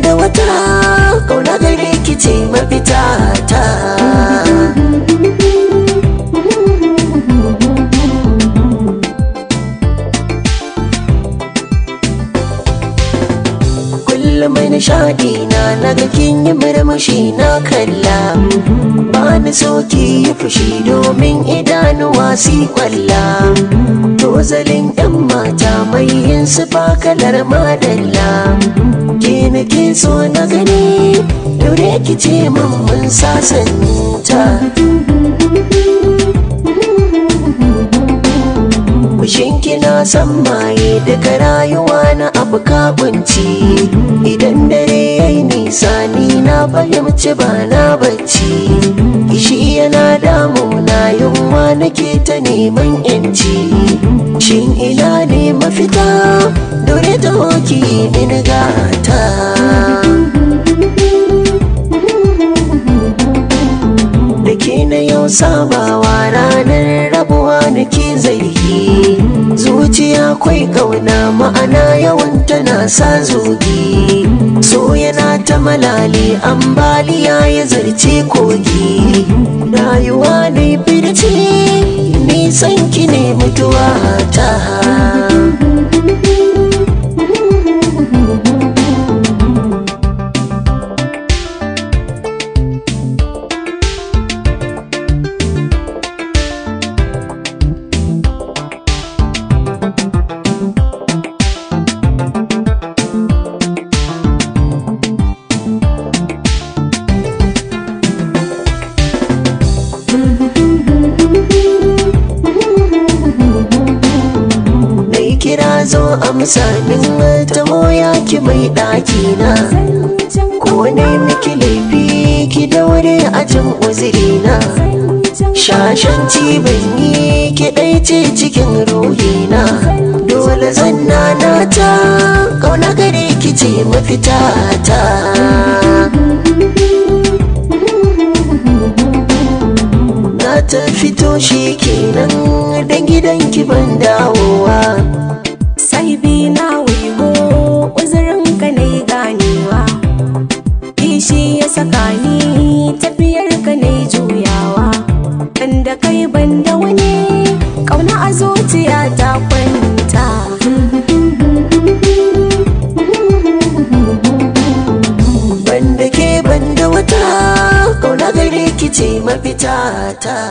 da wata kauna da ki ce mafita ta kullum mai nishadi na na kin yi murmushi na kalla mi soki ya fushi domin idanuwa si kwalla tozalin yan mata mai yin su ba kalar madalla ke ke so na gani daure ki ce mun sasanta fushin kina san maye daga rayuwa na abu kabunci idan dare ya yi nisa ni na fahimci ba na bacci shi yana damuna yunwa nake ta neman yanci shin ina ne mafita dore ta hoki in gata na yau sabawa ranar rabuwa na nake zargi zuciya kwai kauna ma'ana yawan tana sa zogi so yana ta malali ambaliya ya zarce kogi rayuwa ne birci nisan ki ne mutuwa ta amsa min ta moya ki mai ɗaki na ko ne miki laifi ki daure a jin uzuri na shashan ban yi ki ce cikin ruhi na dole zanna na ta ƙauna gare ki ce mafita ta na ta fito shi kenan da ki ban dawowa kai ya saka ni tafiyar ka ne juyawa dan kai Banda wani kauna a zuciya ta kwanta ban da ke Banda wata kauna gare ki ce mafita ta